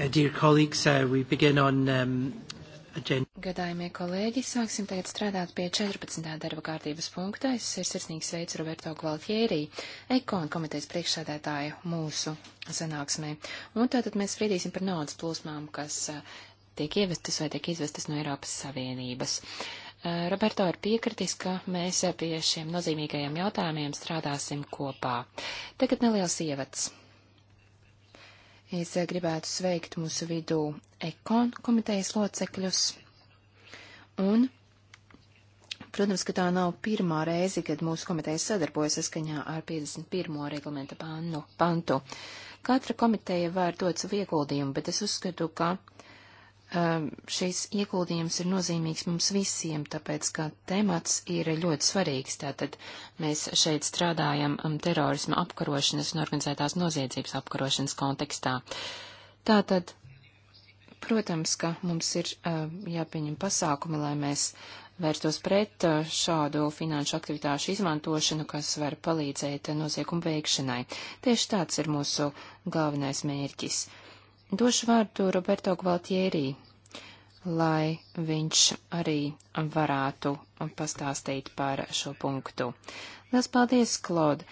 Uh, dear colleagues, uh, we begin on um, Gadājumie kolēģi, sāksim tagad strādāt pie 14. darba kārtības punkta. Es sirsnīgi sveicu Roberto Gvaltjērī, ekonu komitejas priekšsādētāju mūsu sanāksmē. Un tātad mēs spriedīsim par naudas plūsmām, kas uh, tiek ievestas vai tiek izvestas no Eiropas Savienības. Uh, Roberto ir piekritis, ka mēs pie šiem nozīmīgajiem jautājumiem strādāsim kopā. Tagad neliels ievads. Es gribētu sveikt mūsu vidū ekon komitejas locekļus. Un, protams, ka tā nav pirmā reize, kad mūsu komiteja sadarbojas saskaņā ar 51. reglamenta pannu, pantu. Katra komiteja var dot savu ieguldījumu, bet es uzskatu, ka uh, Um, šis ieguldījums ir nozīmīgs mums visiem, tāpēc, ka temats ir ļoti svarīgs. Tātad mēs šeit strādājam um, terorisma apkarošanas un organizētās noziedzības apkarošanas kontekstā. Tātad, protams, ka mums ir uh, jāpieņem pasākumi, lai mēs vērstos pret uh, šādu finanšu aktivitāšu izmantošanu, kas var palīdzēt noziegumu veikšanai. Tieši tāds ir mūsu galvenais mērķis. Došu vārdu Roberto Gvaltierī, lai viņš arī varētu pastāstīt par šo punktu. Liels paldies, Klod!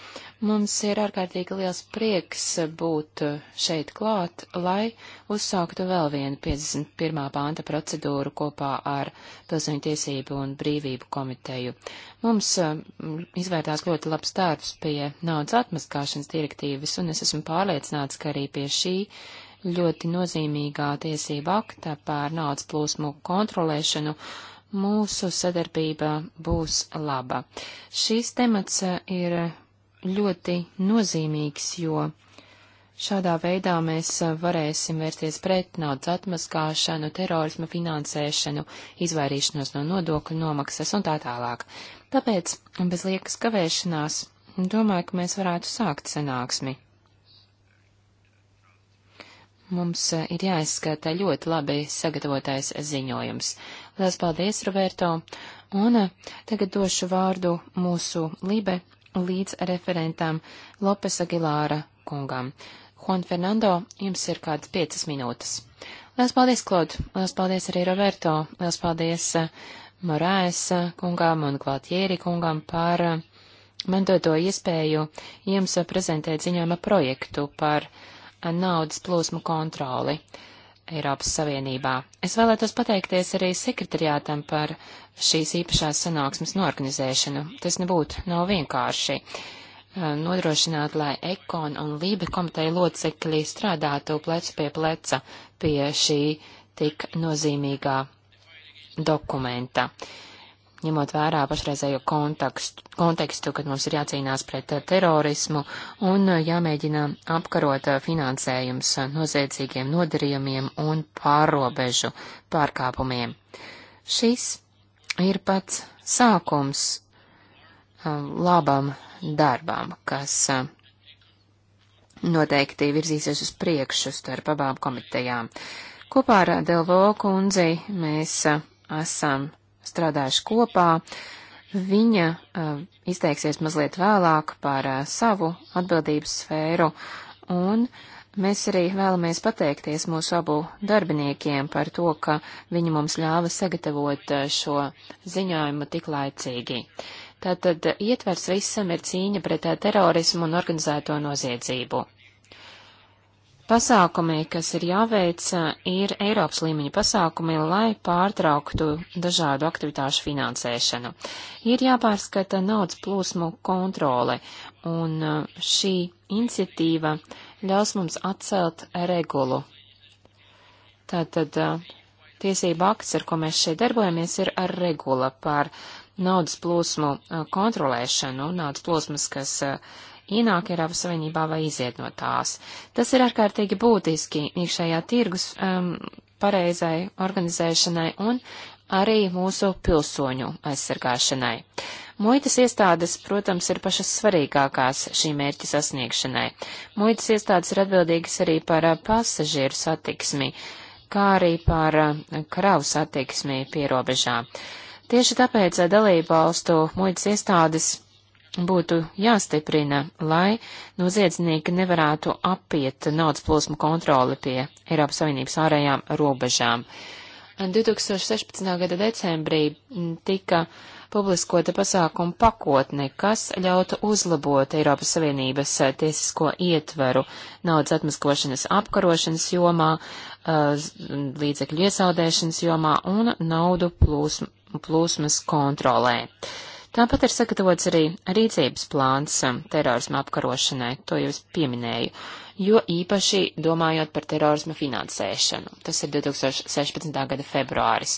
Mums ir ārkārtīgi liels prieks būt šeit klāt, lai uzsāktu vēl vienu 51. pānta procedūru kopā ar Pilsoņu tiesību un brīvību komiteju. Mums um, izvērtās ļoti labs darbs pie naudas atmaskāšanas direktīvas, un es esmu pārliecināts, ka arī pie šī ļoti nozīmīgā tiesība akta pār naudas plūsmu kontrolēšanu, mūsu sadarbība būs laba. Šis temats ir ļoti nozīmīgs, jo šādā veidā mēs varēsim vērsties pret naudas atmaskāšanu, terorisma finansēšanu, izvairīšanos no nodokļu nomaksas un tā tālāk. Tāpēc, bez liekas kavēšanās, domāju, ka mēs varētu sākt sanāksmi. Mums eh, ir jāizskata ļoti labi sagatavotais ziņojums. Lielas paldies, Roberto! Un eh, tagad došu vārdu mūsu Libe līdz referentam Lopes Agilāra kungam. Juan Fernando, jums ir kādas piecas minūtes. Lielas paldies, Klod! Lielas paldies arī Roberto! Lielas paldies eh, Morāes kungām un Gvaltieri kungām par man doto iespēju jums prezentēt ziņojuma projektu par naudas plūsmu kontroli Eiropas Savienībā. Es vēlētos pateikties arī sekretariātam par šīs īpašās sanāksmes norganizēšanu. Tas nebūtu nav vienkārši uh, nodrošināt, lai ekon un lībe komiteja locekļi strādātu plecu pie pleca pie šī tik nozīmīgā dokumenta. Uh, ņemot vērā pašreizējo kontekstu, kontekstu, kad mums ir jācīnās pret eh, terorismu un eh, jāmēģina apkarot eh, finansējums noziedzīgiem nodarījumiem un pārobežu pārkāpumiem. Šis ir pats sākums labam darbam, kas noteikti virzīsies uz priekšu starp abām komitejām. Kopā ar Delvo kundzi mēs esam strādājuši kopā. Viņa uh, izteiksies mazliet vēlāk par uh, savu atbildības sfēru, un mēs arī vēlamies pateikties mūsu abu darbiniekiem par to, ka viņi mums ļāva sagatavot uh, šo ziņojumu tik laicīgi. Tātad ietvers visam ir cīņa pret terorismu un organizēto noziedzību. Pasākumi, kas ir jāveic, ir Eiropas līmeņa pasākumi, lai pārtrauktu dažādu aktivitāšu finansēšanu. Ir jāpārskata naudas plūsmu kontrole, un uh, šī iniciatīva ļaus mums atcelt regulu. Tātad uh, tiesība akts, ar ko mēs šeit darbojamies, ir ar regula par naudas plūsmu uh, kontrolēšanu, naudas plūsmas, kas uh, ienāk Eiropas Savienībā vai iziet no tās. Tas ir ārkārtīgi būtiski iekšējā tirgus um, pareizai organizēšanai un arī mūsu pilsoņu aizsargāšanai. Muitas iestādes, protams, ir pašas svarīgākās šī mērķa sasniegšanai. Muitas iestādes ir atbildīgas arī par uh, pasažieru satiksmi, kā arī par uh, kravu satiksmi pierobežā. Tieši tāpēc uh, dalību valstu muitas iestādes būtu jāstiprina, lai noziedznieki nevarētu apiet naudas plūsmu kontroli pie Eiropas Savienības ārējām robežām. 2016. gada decembrī tika publiskota pasākuma pakotne, kas ļautu uzlabot Eiropas Savienības eh, tiesisko ietveru naudas atmaskošanas apkarošanas jomā, eh, līdzekļu iesaudēšanas jomā un naudu plūsmu, plūsmas kontrolē. Uh, Tāpat ir sagatavots arī rīcības plāns um, terorisma apkarošanai, to jau es pieminēju, jo īpaši domājot par terorisma finansēšanu. Tas ir 2016. gada februāris.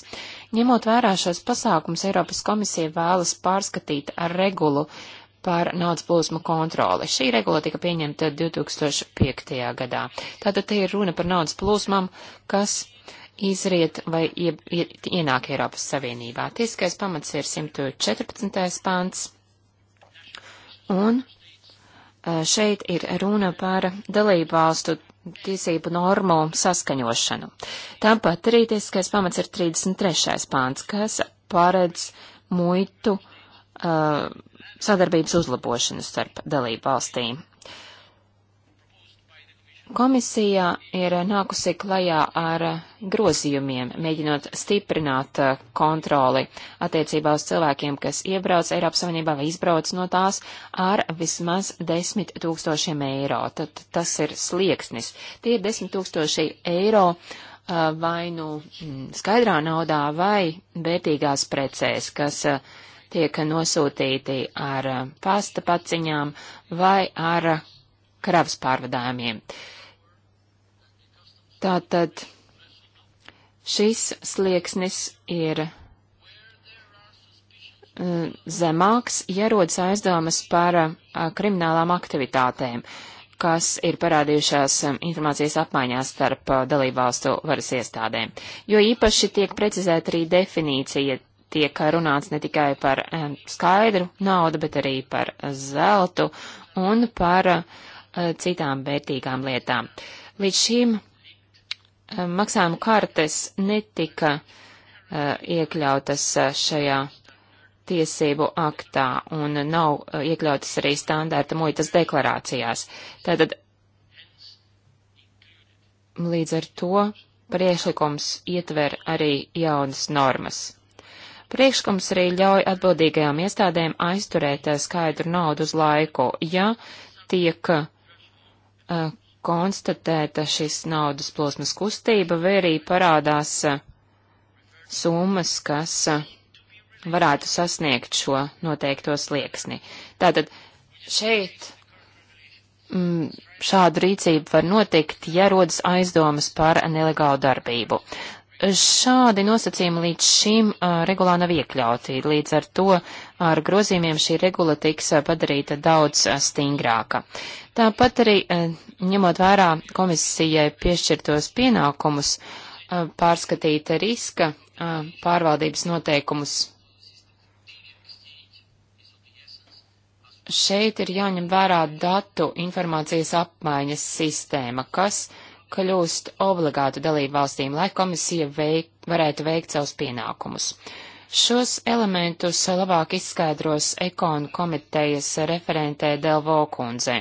Ņemot vērā šos pasākums, Eiropas komisija vēlas pārskatīt ar regulu par naudas plūsmu kontroli. Šī regula tika pieņemta 2005. gadā. Tātad te ir runa par naudas plūsmām, kas izriet vai ie, ie, ienāk Eiropas Savienībā. Tiesiskais pamats ir 114. pāns. Un šeit ir runa par dalību valstu tiesību normu saskaņošanu. Tāpat arī tiesiskais pamats ir 33. pāns, kas paredz muitu uh, sadarbības uzlabošanu starp dalību valstīm. Komisija ir nākusi klajā ar grozījumiem, mēģinot stiprināt uh, kontroli attiecībā uz cilvēkiem, kas iebrauc Eiropas Savienībā vai izbrauc no tās ar vismaz 10 tūkstošiem eiro. Tad tas ir slieksnis. Tie ir 10 tūkstoši eiro uh, vai nu mm, skaidrā naudā vai vērtīgās precēs, kas uh, tiek nosūtīti ar pasta paciņām vai ar kravas pārvadājumiem. Uh, Tātad šis slieksnis ir eh, zemāks, ja rodas aizdomas par eh, kriminālām aktivitātēm, kas ir parādījušās eh, informācijas apmaiņā starp dalībvalstu varas iestādēm. Jo īpaši tiek precizēta arī definīcija, tiek runāts ne tikai par skaidru naudu, bet arī par zeltu un par citām vērtīgām lietām. Līdz šim Eh, maksājumu kartes netika eh, iekļautas eh, šajā tiesību aktā un nav iekļautas arī standārta muitas deklarācijās. Tātad līdz ar to priekšlikums ietver arī jaunas normas. Priekšlikums arī ļauj atbildīgajām iestādēm aizturēt skaidru naudu uz laiku, ja tiek uh, konstatēta šis naudas plosmas kustība, vai arī parādās summas, kas varētu sasniegt šo noteikto slieksni. Tātad šeit mm, šāda rīcība var notikt, ja rodas aizdomas par nelegālu darbību. Šādi nosacījumi līdz šim uh, regulā nav iekļauti, līdz ar to ar grozījumiem šī regula tiks uh, padarīta daudz uh, stingrāka. Tāpat arī, ņemot vērā komisijai piešķirtos pienākumus, pārskatīt riska pārvaldības noteikumus. Šeit ir jāņem vērā datu informācijas apmaiņas sistēma, kas uh, kļūst obligāta dalību valstīm, lai komisija veik, varētu veikt savus pienākumus. Šos elementus labāk izskaidros ekonu komitejas referentē Delvo kundze.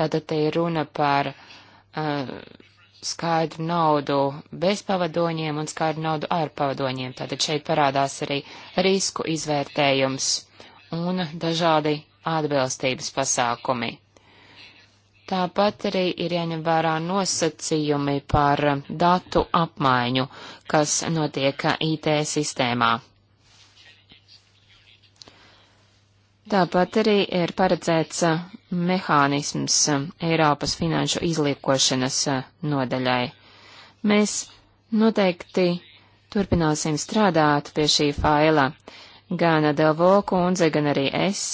Tātad te ir runa par uh, skaidru naudu bez pavadoņiem un skaidru naudu ar pavadoņiem. Tātad šeit parādās arī risku izvērtējums un dažādi atbilstības pasākumi. Tāpat arī ir jāņem vērā nosacījumi par datu apmaiņu, kas notiek IT sistēmā. Tāpat arī ir paredzēts mehānisms Eiropas finanšu izliekošanas nodaļai. Mēs noteikti turpināsim strādāt pie šī faila. Gan Delvo kundze, gan arī es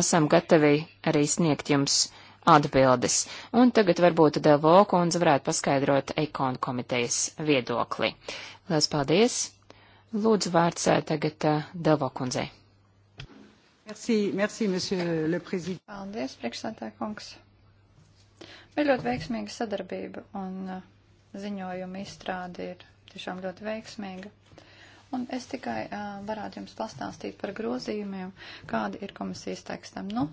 esam gatavi arī sniegt jums atbildes. Un tagad varbūt Delvo kundze varētu paskaidrot ekonu komitejas viedokli. Lielas paldies! Lūdzu vārds eh, tagad eh, Delvo kundzei. Merci, merci, monsieur le président. Paldies, priekšsētā kungs. Bija ļoti veiksmīga sadarbība un eh, ziņojuma izstrāde ir tiešām ļoti veiksmīga. Un es tikai uh, varētu jums pastāstīt par grozījumiem, kādi ir komisijas tekstam. Nu,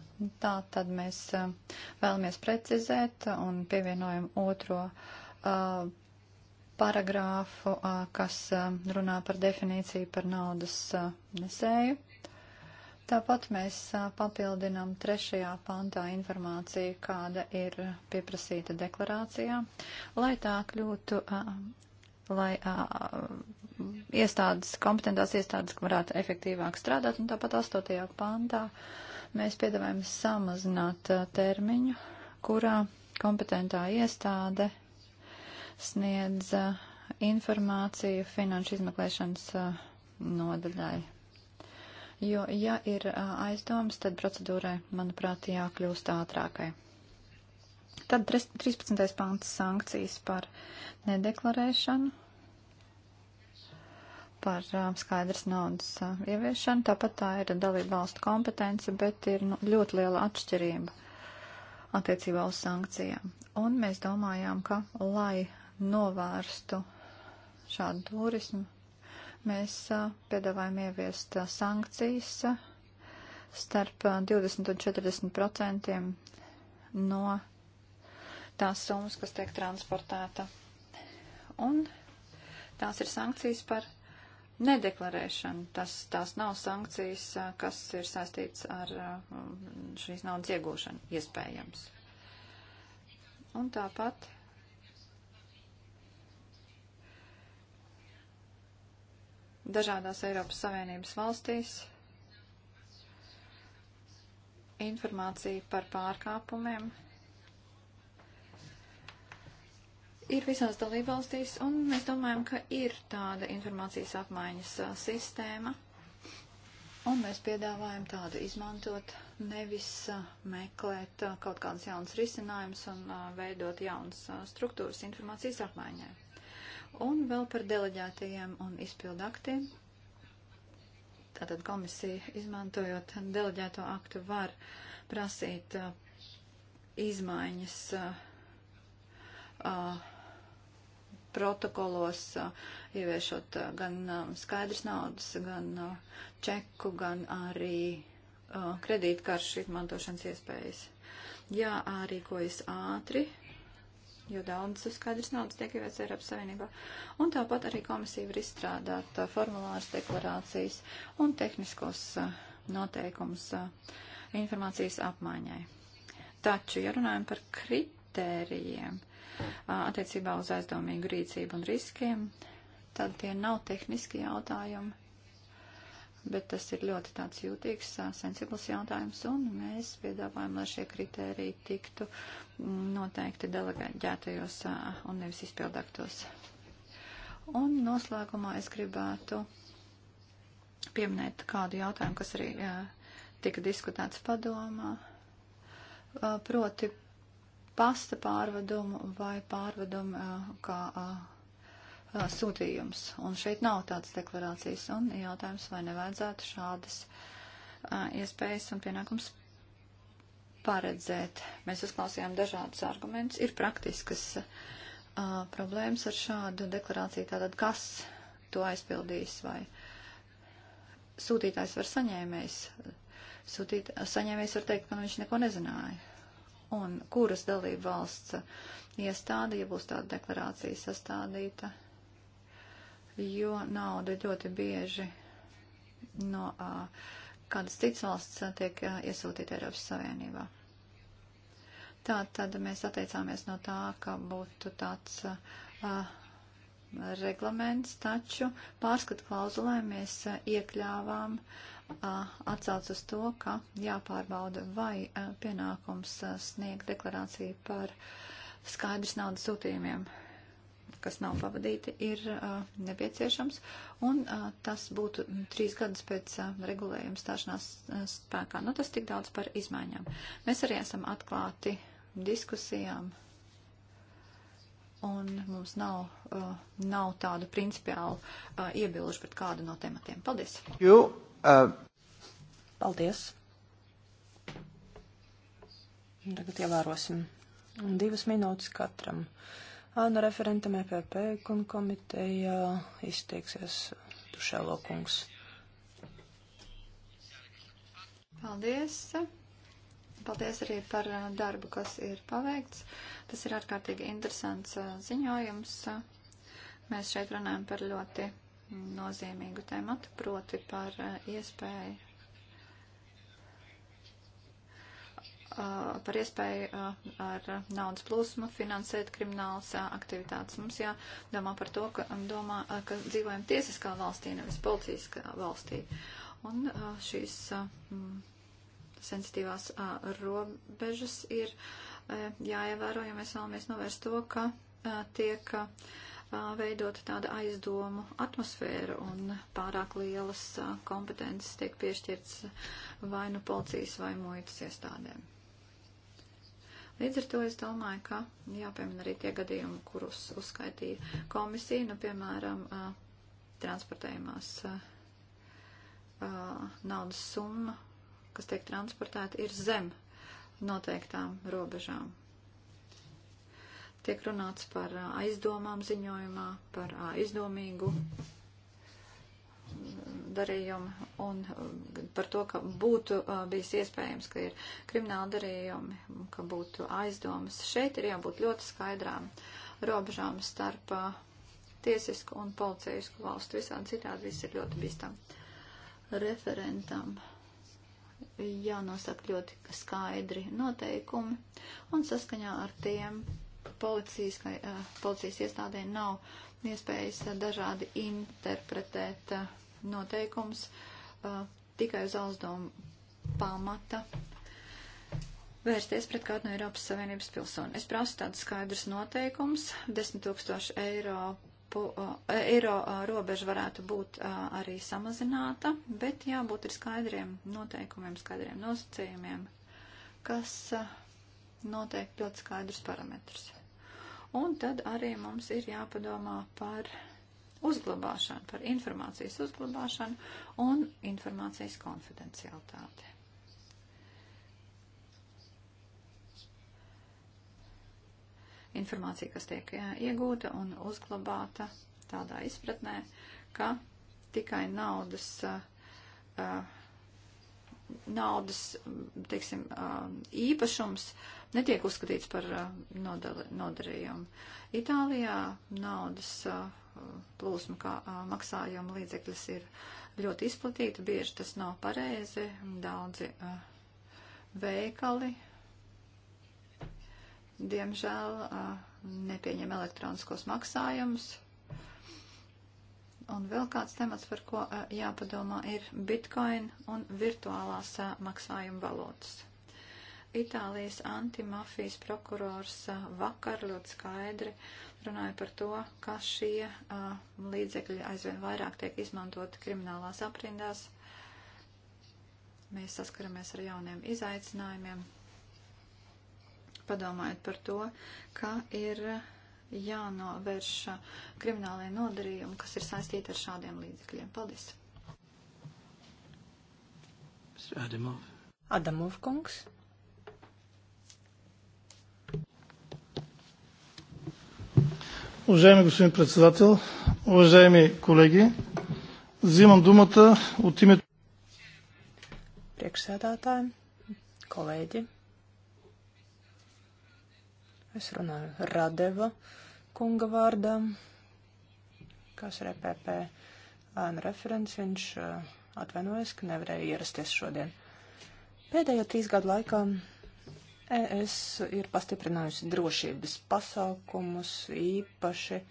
tā tad mēs uh, vēlamies precizēt un pievienojam otro uh, paragrāfu, uh, kas uh, runā par definīciju par naudas uh, nesēju. Tāpat mēs uh, papildinām trešajā pantā informāciju, kāda ir pieprasīta deklarācijā, lai tā kļūtu uh, lai uh, iestādes, kompetentās iestādes varētu efektīvāk strādāt, un tāpat 8. pantā mēs piedāvājam samazināt uh, termiņu, kurā kompetentā iestāde sniedz uh, informāciju finanšu izmeklēšanas uh, nodaļai. Jo, ja ir uh, aizdomas, tad procedūrai, manuprāt, jākļūst ātrākai. Tad 13. pāns sankcijas par nedeklarēšanu, par um, skaidras naudas um, ieviešanu. Tāpat tā ir dalība valstu kompetence, bet ir nu, ļoti liela atšķirība attiecībā uz sankcijām. Un mēs domājām, ka, lai novērstu šādu turismu, mēs uh, piedāvājam ieviest uh, sankcijas uh, starp 20 un 40 procentiem no tās summas, kas tiek transportēta. Un tās ir sankcijas par nedeklarēšanu. Tas, tās nav sankcijas, kas ir saistīts ar šīs naudas iegūšanu, iespējams. Un tāpat dažādās Eiropas Savienības valstīs informācija par pārkāpumiem ir visās dalībvalstīs, un mēs domājam, ka ir tāda informācijas apmaiņas a, sistēma, un mēs piedāvājam tādu izmantot, nevis a, meklēt a, kaut kādas jaunas risinājumus un veidot jaunas struktūras informācijas apmaiņai. Un vēl par deleģētajiem un izpildaktiem. Tātad komisija, izmantojot deleģēto aktu, var prasīt izmaiņas uh, protokolos, ieviešot gan skaidrs naudas, gan čeku, gan arī kredītkaršu izmantošanas iespējas. Jā, arī kojas ātri, jo daudz skaidrs naudas tiek ieviests Eiropas Savienībā. Un tāpat arī komisija var izstrādāt formulāras deklarācijas un tehniskos noteikumus informācijas apmaiņai. Taču, ja runājam par kritērijiem, uh, attiecībā uz aizdomīgu rīcību un riskiem, tad tie nav tehniski jautājumi, bet tas ir ļoti tāds jūtīgs, sensibls jautājums, un mēs piedāvājam, lai šie kriteriji tiktu mm, noteikti delegētajos un nevis izpildaktos. Un noslēgumā es gribētu pieminēt kādu jautājumu, kas arī jā, tika diskutēts padomā, proti pasta pārvadumu vai pārvadumu eh, kā eh, eh, sūtījums. Un šeit nav tādas deklarācijas un jautājums, vai nevajadzētu šādas iespējas un pienākums paredzēt. Mēs uzklausījām dažādus argumentus. Ir praktiskas problēmas ar šādu deklarāciju. Tātad, kas to aizpildīs vai sūtītājs var saņēmējs. Sūtīt, saņēmējs var teikt, ka nu, viņš neko nezināja un kuras dalība valsts iestāde, ja būs tāda deklarācija sastādīta, jo nauda ļoti bieži no uh, kādas citas valsts tiek uh, iesūtīta Eiropas Savienībā. Tā tad mēs atteicāmies no tā, ka būtu tāds uh, reglaments, taču pārskatu klauzulē mēs iekļāvām atsauc uz to, ka jāpārbauda, vai pienākums sniegt deklarāciju par skaidrs naudas sūtījumiem, kas nav pavadīti, ir nepieciešams, un tas būtu trīs gadus pēc regulējuma stāšanās spēkā. Nu, tas tik daudz par izmaiņām. Mēs arī esam atklāti diskusijām un mums nav, uh, nav tādu principiālu uh, iebilžu pret kādu no tematiem. Paldies! You, uh... Paldies! Tagad ievērosim divas minūtes katram. Ānu referentam EPP un komiteja izteiksies Tušēlo kungs. Paldies! Paldies arī par uh, darbu, kas ir paveikts. Tas ir ārkārtīgi interesants uh, ziņojums. Mēs šeit runājam par ļoti nozīmīgu tēmatu, proti par uh, iespēju, par iespēju ar naudas plūsmu finansēt kriminālas aktivitātes. Mums jādomā par to, ka, um, domā, ka dzīvojam tiesiskā valstī, nevis policijas valstī. Un šīs sensitīvās robežas ir jāievēro, ja mēs vēlamies novērst to, ka tiek veidota tāda aizdomu atmosfēra un pārāk lielas kompetences tiek piešķirts vai nu policijas vai muitas iestādēm. Līdz ar to es domāju, ka jāpiemina arī tie gadījumi, kurus uzskaitīja komisija, nu, piemēram, transportējumās naudas summa kas tiek transportēti, ir zem noteiktām robežām. Tiek runāts par aizdomām ziņojumā, par aizdomīgu darījumi un par to, ka būtu bijis iespējams, ka ir krimināli darījumi, ka būtu aizdomas. Šeit ir jābūt ļoti skaidrām robežām starp tiesisku un policijas valstu. Visādi citādi viss ir ļoti bīstam referentam jānosaka ļoti skaidri noteikumi, un saskaņā ar tiem policijas, vai, eh, policijas iestādē nav iespējas eh, dažādi interpretēt eh, noteikums tikai uz auzdomu pamata vērsties pret kādu no Eiropas Savienības pilsoni. Es prasu tādus skaidrus noteikumus - 10 tūkstoši eiro Eiropu, eh, eiro eh, robeža varētu būt eh, arī samazināta, bet jābūt ir skaidriem noteikumiem, skaidriem nosacījumiem, kas noteikti ļoti skaidrs parametrs. Un tad arī mums ir jāpadomā par uzglabāšanu, par informācijas uzglabāšanu un informācijas konfidencialitāti. informācija, kas tiek iegūta un uzglabāta tādā izpratnē, ka tikai naudas, naudas teiksim, īpašums netiek uzskatīts par nodarījumu. Itālijā naudas plūsma, kā maksājuma līdzeklis ir ļoti izplatīta, bieži tas nav pareizi, daudzi veikali diemžēl nepieņem elektroniskos maksājumus. Un vēl kāds temats, par ko jāpadomā, ir bitcoin un virtuālās maksājuma valūtas. Itālijas antimafijas prokurors vakar ļoti skaidri runāja par to, ka šie līdzekļi aizvien vairāk tiek izmantoti kriminālās aprindās. Mēs saskaramies ar jauniem izaicinājumiem, padomājiet par to, kā ir jānovērš kriminālajie nodarījumi, kas ir saistīti ar šādiem līdzekļiem. Paldies! Adamov. Adamov kungs. Уважаеми господин председател, уважаеми колеги, взимам думата от името. Председател, колеги, Es runāju Radeva kunga vārdā, kas ir EPP ēna referents. Viņš atvainojas, ka nevarēja ierasties šodien. Pēdējo trīs gadu laikā ES ir pastiprinājusi drošības pasākumus, īpaši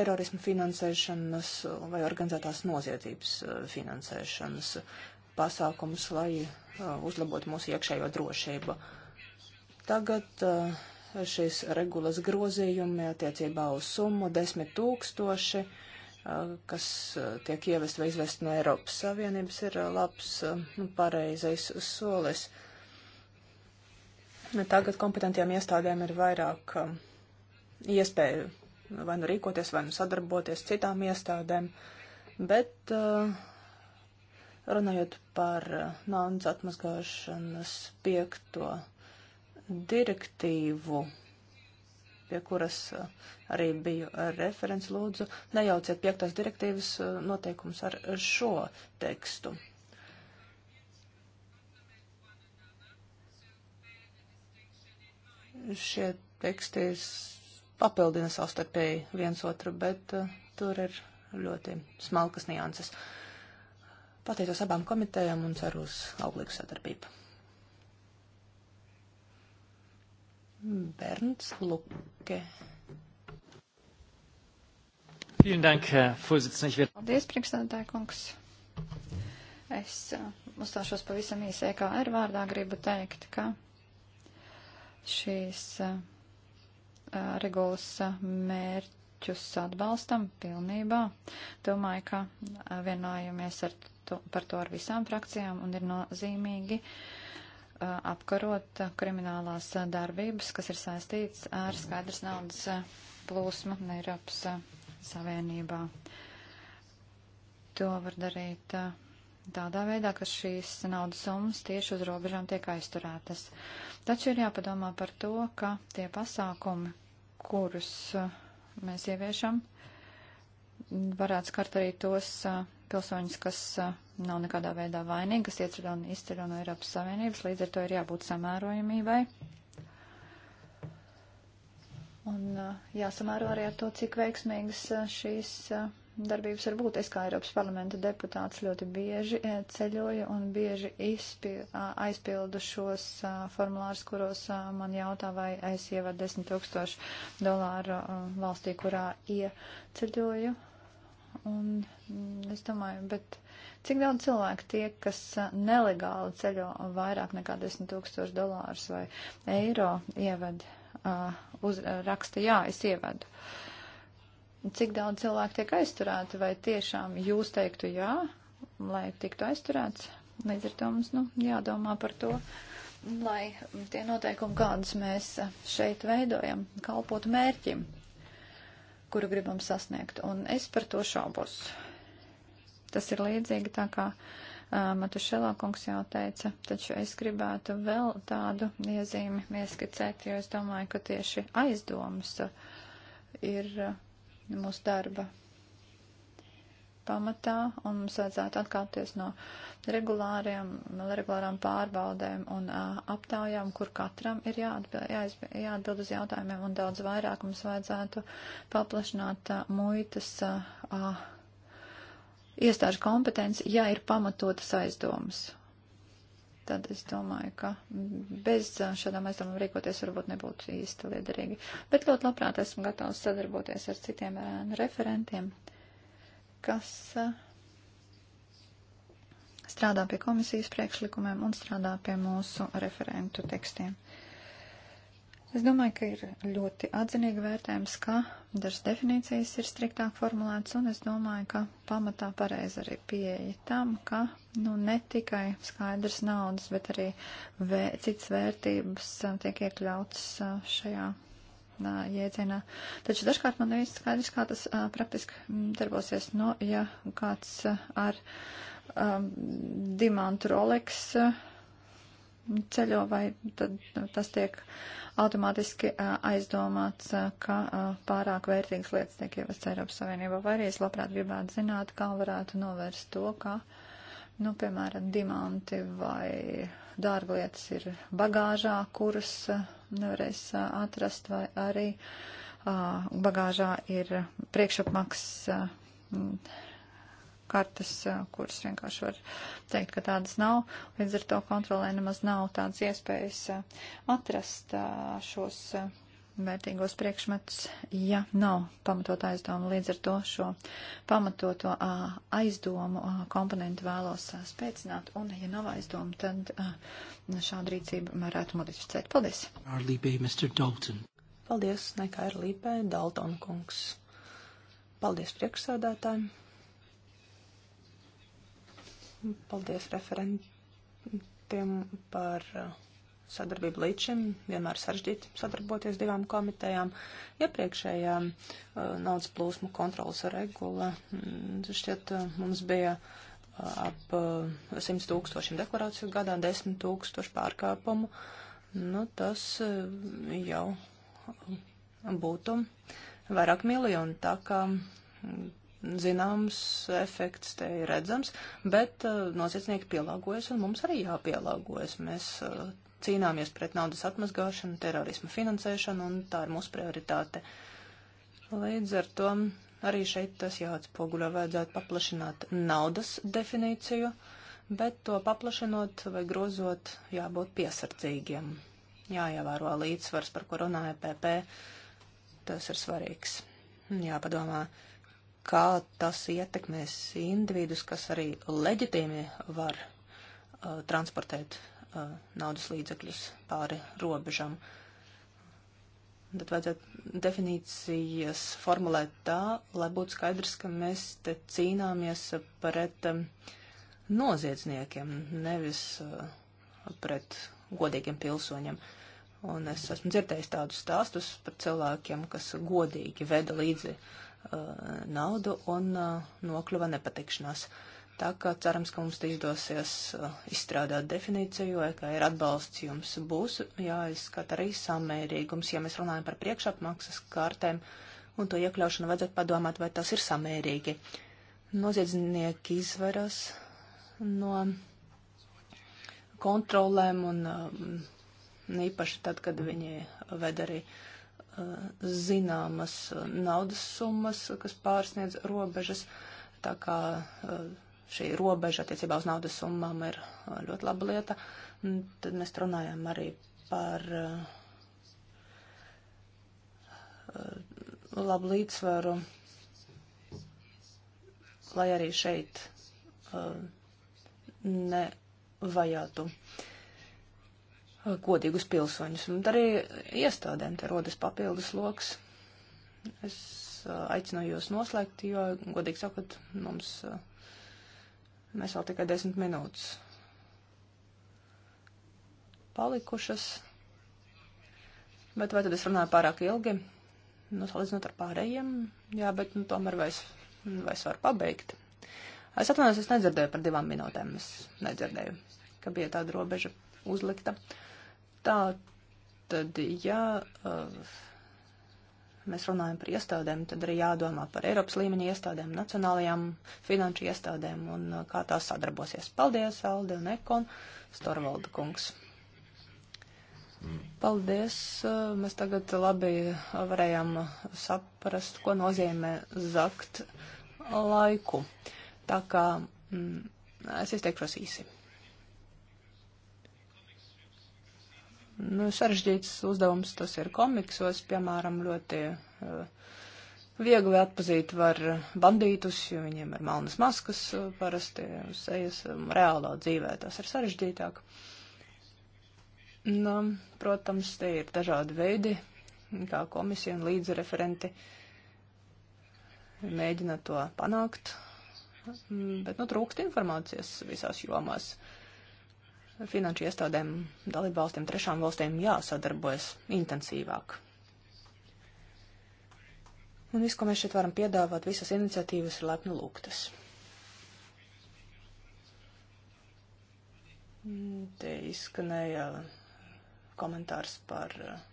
terorismu finansēšanas vai organizētās noziedzības finansēšanas pasākumus, lai uzlabotu mūsu iekšējo drošību. Uh, Tagad eh, šīs regulas grozījumi attiecībā uz summu 10 tūkstoši, eh, kas eh, tiek ievest vai izvest no Eiropas Savienības, ir labs un pareizais solis. Tagad kompetentiem iestādēm ir vairāk iespēju vai nu rīkoties, vai nu sadarboties citām iestādēm, bet uh, runājot par naudas atmazgāšanas piekto direktīvu, pie kuras eh, arī biju referents, lūdzu, nejauciet piektās direktīvas eh, noteikums ar šo tekstu. Šie teksti papildina savstarpēji viens otru, bet uh, tur ir ļoti smalkas nianses. Pateicos abām komitējām un ceru uz auglīgu sadarbību. Bernds Luke. Paldies, priekšstādātāja kungs. Es uh, uzstāšos pavisam īsi EKR vārdā, gribu teikt, ka šīs uh, uh, regulas mērķus atbalstam pilnībā. Domāju, ka vienojamies ar to, par to ar visām frakcijām un ir nozīmīgi apkarot kriminālās darbības, kas ir saistīts ar skaidrs naudas plūsmu Eiropas Savienībā. To var darīt tādā veidā, ka šīs naudas summas tieši uz robežām tiek aizturētas. Taču ir jāpadomā par to, ka tie pasākumi, kurus mēs ieviešam, varētu skart arī tos pilsoņus, kas nav nekādā veidā vainīgi, kas ieceļo un izceļo no Eiropas Savienības, līdz ar to ir jābūt samērojamībai. Un jāsamēro arī ar to, cik veiksmīgas šīs darbības var būt. Es kā Eiropas parlamenta deputāts ļoti bieži ceļoju un bieži izpil, aizpildu šos formulārus, kuros man jautā, vai es ievadu 10 tūkstošu dolāru valstī, kurā ieceļoju Un mm, es domāju, bet cik daudz cilvēku tie, kas nelegāli ceļo vairāk nekā 10 tūkstoši dolārus vai eiro ieved, uh, uz, raksta, jā, es ievedu. Cik daudz cilvēku tiek aizturēti, vai tiešām jūs teiktu jā, lai tiktu aizturēts? Līdz ar to mums, nu, jādomā par to, lai tie noteikumi, kādus mēs šeit veidojam, kalpotu mērķim kuru gribam sasniegt. Un es par to šaubos. Tas ir līdzīgi tā kā uh, Matušelā kungs jau teica, taču es gribētu vēl tādu iezīmi ieskicēt, jo es domāju, ka tieši aizdomas ir uh, mūsu darba pamatā, un mums vajadzētu atkāpties no regulāriem, regulārām pārbaudēm un uh, aptaujām, kur katram ir jāatbild, jāizb, jāatbild uz jautājumiem, un daudz vairāk mums vajadzētu paplašināt uh, muitas uh, iestāžu kompetenci, ja ir pamatotas aizdomas. Tad es domāju, ka bez šādām aizdomām rīkoties varbūt nebūtu īsti liederīgi. Bet ļoti labprāt esmu gatavs sadarboties ar citiem referentiem, kas eh, strādā pie komisijas priekšlikumiem un strādā pie mūsu referentu tekstiem. Es domāju, ka ir ļoti atzinīgi vērtējums, ka dažas definīcijas ir striktāk formulētas, un es domāju, ka pamatā pareizi arī pieeja tam, ka nu, ne tikai skaidrs naudas, bet arī vē, citas vērtības eh, tiek iekļautas eh, šajā jēdzienā. Taču dažkārt man nav īsti skaidrs, kā tas a, praktiski mm, darbosies. Nu, ja kāds a, ar a, dimantu Rolex ceļo, vai tad nu, tas tiek automātiski aizdomāts, ka pārāk vērtīgas lietas tiek ievestas Eiropas Savienībā, vai arī es labprāt gribētu zināt, kā varētu novērst to, ka, nu, piemēram, dimanti vai darba vietas ir bagāžā, kuras nevarēs atrast, vai arī bagāžā ir priekšapmaksas kartas, kuras vienkārši var teikt, ka tādas nav. Līdz ar to kontrolē nemaz nav tādas iespējas atrast šos vērtīgos priekšmetus, ja nav pamatot aizdomu. Līdz ar to šo pamatoto aizdomu komponentu vēlos spēcināt, un ja nav aizdomu, tad šādu rīcību varētu modificēt. Paldies! Lībē, Paldies, nekā ir Lībē, Dalton kungs. Paldies priekšsādātājiem. Paldies referentiem par. Uh, sadarbību līdz šim. Vienmēr sarežģīti sadarboties divām komitejām. Iepriekšējā uh, naudas plūsmu kontrolas regula mm, šķiet uh, mums bija uh, ap uh, 100 tūkstošiem deklarāciju gadā, 10 tūkstoši pārkāpumu. Nu, tas uh, jau uh, būtu vairāk miljoni, tā kā mm, zināms efekts te ir redzams, bet uh, noziedznieki pielāgojas un mums arī jāpielāgojas. Mēs uh, cīnāmies pret naudas atmazgāšanu, terorismu finansēšanu, un tā ir mūsu prioritāte. Līdz ar to arī šeit tas jāatspoguļo, vajadzētu paplašināt naudas definīciju, bet to paplašinot vai grozot jābūt piesardzīgiem. Jāievēro līdzsvars, par ko runāja e PP, tas ir svarīgs. Jāpadomā kā tas ietekmēs individus, kas arī leģitīmi var uh, transportēt uh, naudas līdzekļus pāri robežam. Tad vajadzētu definīcijas formulēt tā, lai būtu skaidrs, ka mēs te cīnāmies pret um, noziedzniekiem, nevis uh, pret godīgiem pilsoņiem. Un es esmu dzirdējis tādus stāstus par cilvēkiem, kas godīgi veda līdzi uh, naudu un uh, nokļuva nepatikšanās. Uh, Tā kā cerams, ka mums te izdosies uh, izstrādāt definīciju, jo e EKR atbalsts jums būs jāizskata arī samērīgums. Ja mēs runājam par priekšapmaksas kārtēm un to iekļaušanu, vajadzētu padomāt, vai tas ir samērīgi. Noziedznieki izveras no kontrolēm un um, īpaši tad, kad viņi ved arī uh, zināmas uh, naudas summas, kas pārsniedz robežas. Tā kā uh, šī robeža attiecībā uz naudas summām ir uh, ļoti laba lieta. Un tad mēs runājam arī par uh, uh, labu līdzsvaru, lai arī šeit nevajātu godīgus pilsoņus. Un arī iestādēm te rodas papildus loks. Es aicinu jūs noslēgt, jo, godīgi sakot, mums. Uh, Mēs vēl tikai desmit minūtes palikušas. Bet vai tad es runāju pārāk ilgi? Nu, salīdzinot ar pārējiem, jā, bet nu, tomēr vai es, vai es varu pabeigt? Es atvainojos, es nedzirdēju par divām minūtēm. Es nedzirdēju, ka bija tāda robeža uzlikta. Tā tad, jā. Uh, mēs runājam par iestādēm, tad arī jādomā par Eiropas līmeņa iestādēm, nacionālajām finanšu iestādēm un uh, kā tās sadarbosies. Paldies, Alde un Ekon, Storvalda kungs. Paldies, uh, mēs tagad labi varējām saprast, ko nozīmē zakt laiku. Tā kā mm, es izteikšos īsi. Nu, sarežģīts uzdevums tas ir komiksos, piemēram, ļoti uh, viegli atpazīt var bandītus, jo viņiem ir melnas maskas uh, parasti uz sejas, um, reālā dzīvē tas ir sarežģītāk. Nu, protams, te ir dažādi veidi, kā komisija un līdzreferenti mēģina to panākt, mm, bet, nu, trūkst informācijas visās jomās. Uh, finanšu iestādēm, dalībvalstīm, trešām valstīm jāsadarbojas intensīvāk. Un viss, ko mēs šeit varam piedāvāt, visas iniciatīvas ir lepni lūgtas. Te izskanēja komentārs par eh,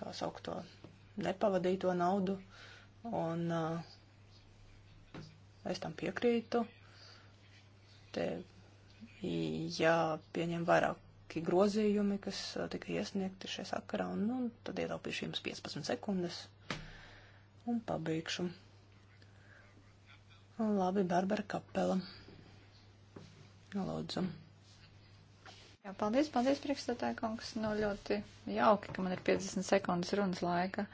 tā saukto nepavadīto naudu, un eh, es tam piekrītu. Te jāpieņem vairāki grozījumi, kas tika iesniegti šajā sakarā, un, un nu, tad ietaupīšu jums 15 sekundes un pabeigšu. Labi, Barbara Kapela. Lūdzu. Jā, paldies, paldies, priekšstādāja kungs. Nu, ļoti jauki, ka man ir 50 sekundes runas laika.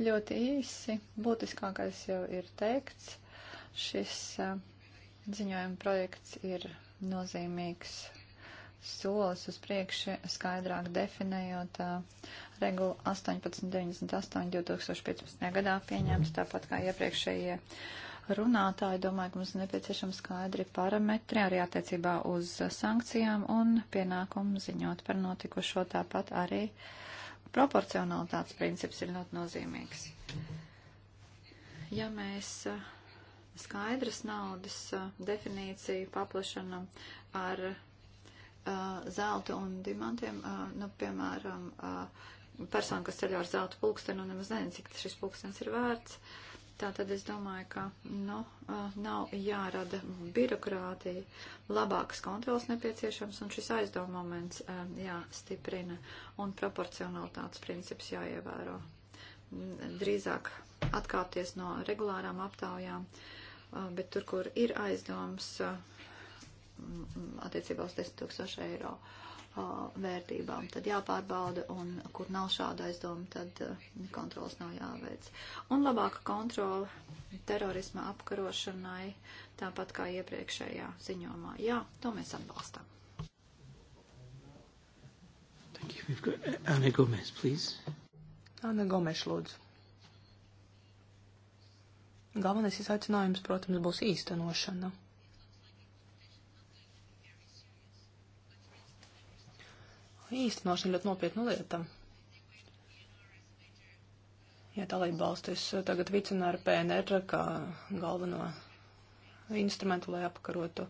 Ļoti īsi, būtiskākais jau ir teikts. Šis uh, ziņojuma projekts ir nozīmīgs solis uz priekšu, skaidrāk definējot uh, regulu 1898-2015. gadā pieņemts, tāpat kā iepriekšējie runātāji. Domāju, ka mums ir nepieciešami skaidri parametri arī attiecībā uz sankcijām un pienākumu ziņot par notikušo. Tāpat arī proporcionalitātes princips ir ļoti nozīmīgs. Ja mēs uh, skaidras naudas uh, definīciju paplašanam ar uh, zelta un dimantiem, uh, nu, piemēram, persona, kas ceļo ar zelta pulksteni un nemaz nezinu, cik šis pulkstenis ir vērts. Tā tad es domāju, ka nu, nav jārada birokrātija, labākas kontrols nepieciešams un šis aizdomu moments jāstiprina un proporcionalitātes princips jāievēro. Drīzāk atkāpties no regulārām aptaujām. Uh, Ah, bet tur, kur ir aizdoms ah, attiecībā uz 10 tūkstošu eiro ah, vērtībām, tad jāpārbauda, un kur nav šāda aizdoma, tad kontrols nav jāveic. Un labāka kontrola terorisma apkarošanai, tāpat kā iepriekšējā ziņomā. Jā, to mēs atbalstam. Thank you. We've got Anna Gomez, please. Anna Gomes, lūdzu. Galvenais izaicinājums, protams, būs īstenošana. Īstenošana ļoti nopietna lieta. Ja dalība valstis tagad vicina ar PNR kā galveno instrumentu, lai apkarotu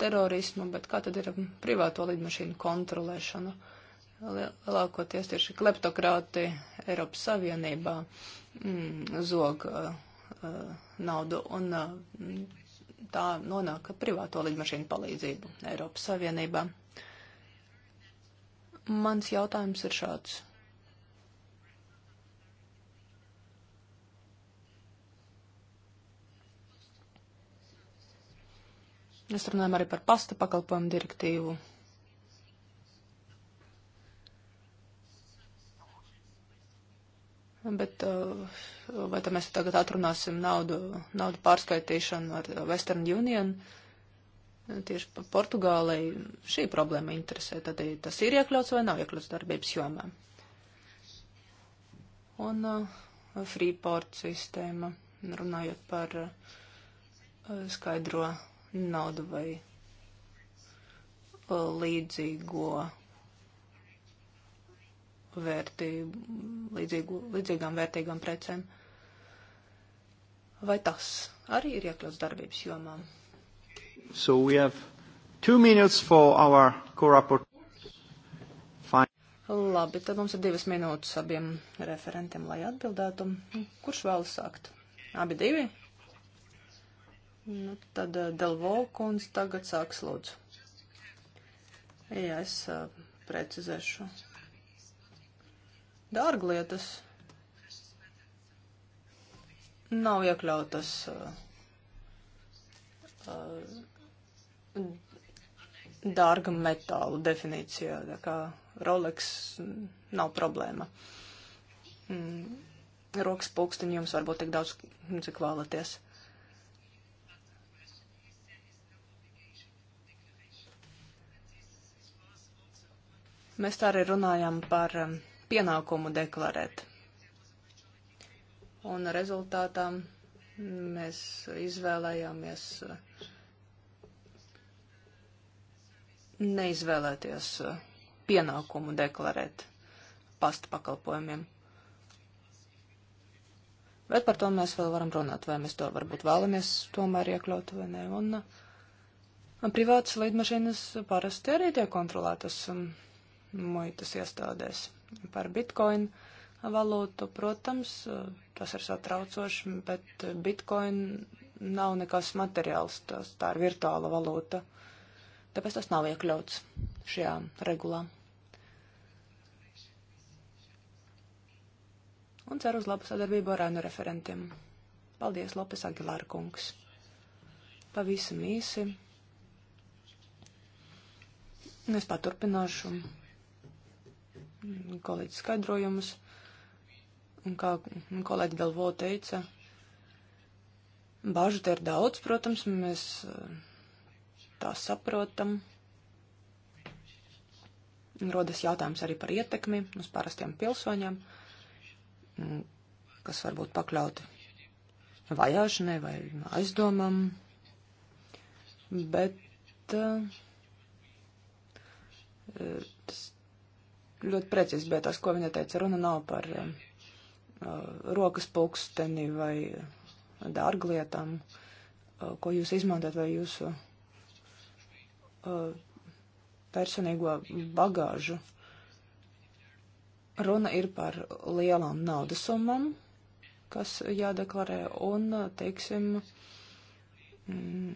terorismu, bet kā tad ir privāto lidmašīnu kontrolēšana? Lielākoties tieši kleptokrāti Eiropas Savienībā mm, zog. Uh, Uh, naudu un uh, tā nonāk privāto lidmašīnu palīdzību Eiropas Savienībā. Mans jautājums ir šāds. Mēs runājam arī par pasta pakalpojumu direktīvu Bet uh, vai tad mēs tagad atrunāsim naudu, naudu pārskaitīšanu ar Western Union? Tieši pa Portugālei šī problēma interesē. Tad tas ir iekļauts vai nav iekļauts darbības jomā? Un uh, Freeport sistēma, runājot par uh, skaidro naudu vai uh, līdzīgo vērtību, līdzīgu, līdzīgām vērtīgām precēm. Vai tas arī ir iekļauts darbības jomā? So we have two minutes for our co-rapport. Labi, tad mums ir divas minūtes abiem referentiem, lai atbildētu. Kurš vēlas sākt? Abi divi? Nu, tad eh, Delvo kundze tagad sāks lūdzu. Jā, es uh, precizēšu dārglietas nav iekļautas uh, uh, dārga metālu definīcijā, tā kā Rolex nav problēma. Mm, rokas pulksteņi jums varbūt tik daudz, cik vēlaties. Mēs tā arī runājam par um, pienākumu deklarēt. Un rezultātā mēs izvēlējāmies eh, neizvēlēties eh, pienākumu deklarēt pasta pakalpojumiem. Bet par to mēs vēl varam runāt, vai mēs to varbūt vēlamies tomēr iekļaut vai nē. Un, un eh, privātas lidmašīnas parasti arī tiek kontrolētas mm, muitas iestādēs par bitcoin valūtu. Protams, tas ir satraucoši, bet bitcoin nav nekas materiāls, tas, tā ir virtuāla valūta. Tāpēc tas nav iekļauts šajā regulā. Un ceru uz labu sadarbību ar ANU referentiem. Paldies, Lopes Agilāra kungs. Pavisam īsi. Es paturpināšu kolēģi skaidrojumus. Un kā kolēģi Dalvo teica, bāžu te ir daudz, protams, mēs eh, tā saprotam. Rodas jautājums arī par ietekmi uz parastiem pilsoņiem, mm, kas varbūt pakļauti vajāšanai vai aizdomam. Bet eh, tas ļoti precīzi bija tas, ko viņa teica. Runa nav par um, uh, rokas pulksteni vai dārglietām, uh, ko jūs izmantojat vai jūsu uh, personīgo bagāžu. Runa ir par lielām naudas summām, kas jādeklarē, un, uh, teiksim, mm,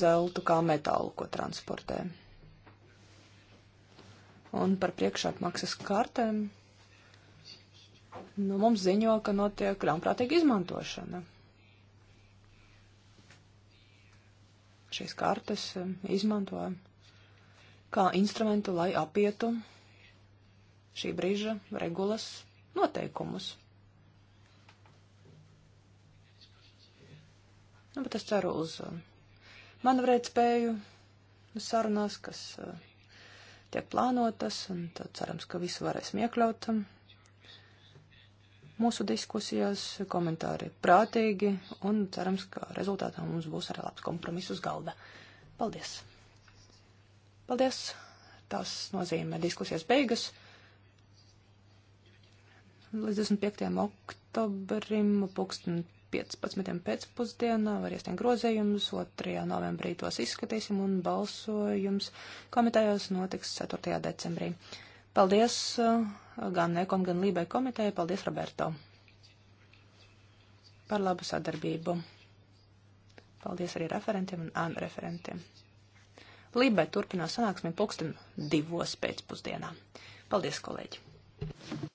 zeltu kā metālu, ko transportē un par priekšapmaksas kartēm. Nu, mums ziņo, ka notiek ļaunprātīga izmantošana. Šīs kartes um, izmanto kā instrumentu, lai apietu šī brīža regulas noteikumus. Nu, bet es ceru uz um, manevrēt spēju sarunās, kas uh, tiek plānotas, un tad cerams, ka visu varēsim iekļaut. Mūsu diskusijās komentāri prātīgi, un cerams, ka rezultātā mums būs arī labs kompromiss uz galda. Paldies! Paldies! Tas nozīmē diskusijas beigas. Līdz 25. oktobrim pulksten 15. pēcpusdienā var iesniegt grozījumus, 2. novembrī tos izskatīsim un balsojums komitējās notiks 4. decembrī. Paldies eh, gan Nekom, gan Lībai komitējai, paldies Roberto par labu sadarbību. Paldies arī referentiem un ānu referentiem. Lībai turpinās sanāksmi pulksten divos pēcpusdienā. Paldies, kolēģi!